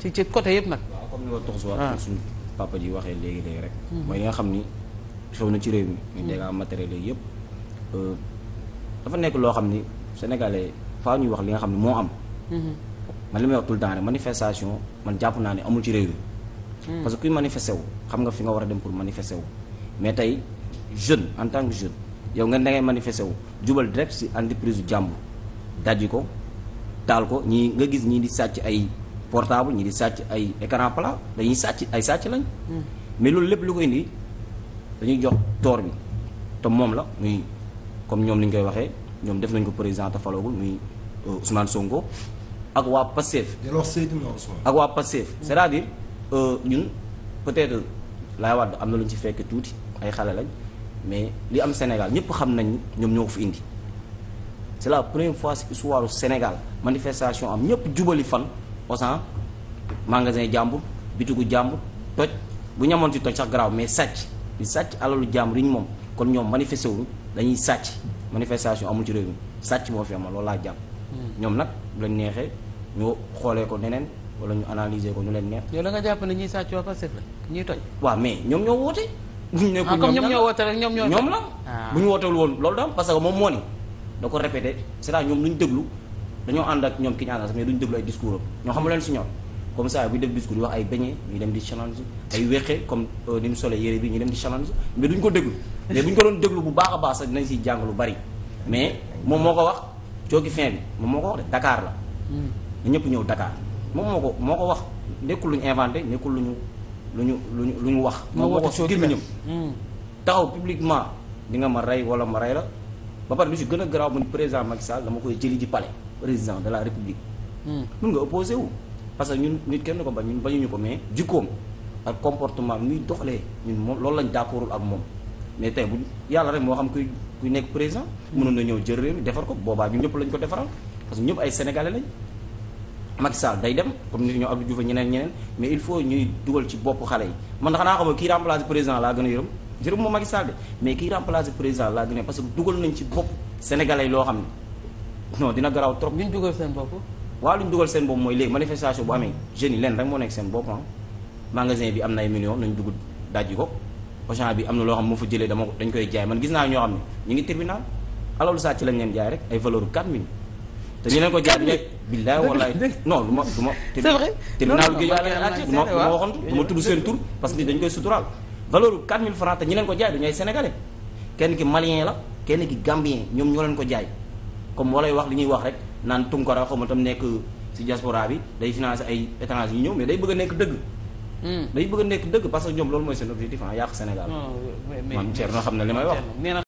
ci ci côté yëpp nag. waaw comme ni ma tox suwaat suñu papa ji waxee léegi léegi rek. Hmm. mooy li nga xam ni xew na ci réew mi. Hmm. dégâts matériels yooyu yëpp. Euh, dafa nekk loo xam ni sénégalais faa ñuy wax li nga xam ni moo am. Hmm. man li may wax tout le manifestation man jàpp naa ne amul ci réew mi. parce que kuy manifesté wu xam nga fi nga war a dem pour manifesté wu. mais tey jeune en tant que jeune yow nga da ngay wu jubal direct si entreprise jàmbur dajji ko taal ko ñii nga gis ñii di sàcc ay. portable ñi di sàcc ay écran plat dañuy sàcc ay sàcc lañ. Hmm. mais loolu lépp lu ko indi dañuy jox toor bi te moom la muy comme ñoom ni ñu koy waxee ñoom def nañ ko président te faloogul muy euh, Ousmane songo ak waa Pastef. ak waa Pastef. c'est-à-dire euh, ñun peut-être laay wax am na lu ñu ci fekkee tuuti ay xale lañ mais li am Sénégal ñëpp xam nañ ñoom ñoo ko fi indi. c'est la première fois ci histoire Sénégal manifestation am ñëpp jubali fan. Auchan magasin jàmbur bitigu jàmbur toj bu ñamoon ci toj sax garaaw mais sàcc di sàcc alalu jàmbur yi moom kon ñoom manifesté wuñu dañuy sàcc manifestation amul ci réew mi sàcc moo fi amal loolu laa jàpp. Hmm. ñoom nag bu lañ neexee ñu xoolee ko neneen wala ñu analyser ko ñu leen neex. yow da nga jàpp ne ñiy sàcc ñoom ñoo woote. ñu nekkul ah, ñoom ñoom ñoo ñoom ñoo. ñoom la ah. bu ñu wootewul woon loolu daam parce que moom moo ni da ko répété cest ñoom lu ñu déglu dañoo ànd ak ñoom ki ñu àndal sax mais duñu déglu ay discours am ñoo xamu leen si ñoom comme ça bu ñu def discours yi wax ay beñe ñu dem di challenge ay weqe comme euh, ni mu solee yére bi ñu dem di challenge mais duñ ko déglu mais bu ñu ko doon déglu bu baax a baax sax dinañ si jàng lu bari mais moom moo ko wax cooki fin bi moom moo ko wax de la hmm. na ñëpp ñëw Dakar moom moo ko moo ko wax nekkul lu ñu inventé nekkul lu ñu lu ñu lu ñu lu ñu wax moo ko wax gémmiñam hmm. taxaw publiquement di nga ma rey wala ma rey la ba pare lu si gën a garaaw mu ni président Macky Sall dama koy jëli ji palais président de la république. Hmm. mun nga opposé wu. parce que ñun nit kenn ko bañ ñun bañuñu ko mais jikkoom ak comportement bi muy doxalee ñun moom loolu lañ d'accordul ak moom mais tey bu yàlla rek moo xam kuy kuy nekk président. Hmm. mënoon na ñëw jër réew mi defar ko boobaa bi ñëpp lañ ko defaral parce que ñëpp ay sénégalais lañ. Macky day dem comme nit ñoo Abdou Diouf ñeneen ñeneen mais il faut ñuy dugal ci bopp xale yi man xanaa xam nga kii remplacer p laa gën a yërëm jërëm moom Macky Sall mais kii remplacer président laa gën parce que dugal nañ ci bopp loo xam ne. non dina garaw trop. luñ dugal seen bopp. waaw luñ dugal seen bopp mooy léegi manifestation bu amee jeunes yi leen rek moo nekk seen bopp ah. magasin bi am na ay millions nañ dugg dajji ko Auchan bi am na loo xam moo fa jëlee dama dañ koy jaay man gis naa ñoo xam ne ñu ngi tribunal alalu sàcc lañ leen jaay rek ay valeur 4 millions. te ñu leen ko jaay nekk billaay wallaay non du ma du ma. c'est vrai parce que dañ koy suturaal valeur 4000 francs te ñi leen ko jaay dañu ay sénégalais kenn ki malien la kenn ki gambien ñoom ñoo leen ko jaay comme moo lay wax li ñuy wax rek naan Tunkara xaw ma tam nekk si diaspora bi day financer ay étrangers yu ñëw mais day bëgg a nekk dëgg. Hmm. day bëgg a nekk dëgg parce que ñoom loolu mooy seen objectif ah yàq Sénégal. man Thierno xam na li may wax.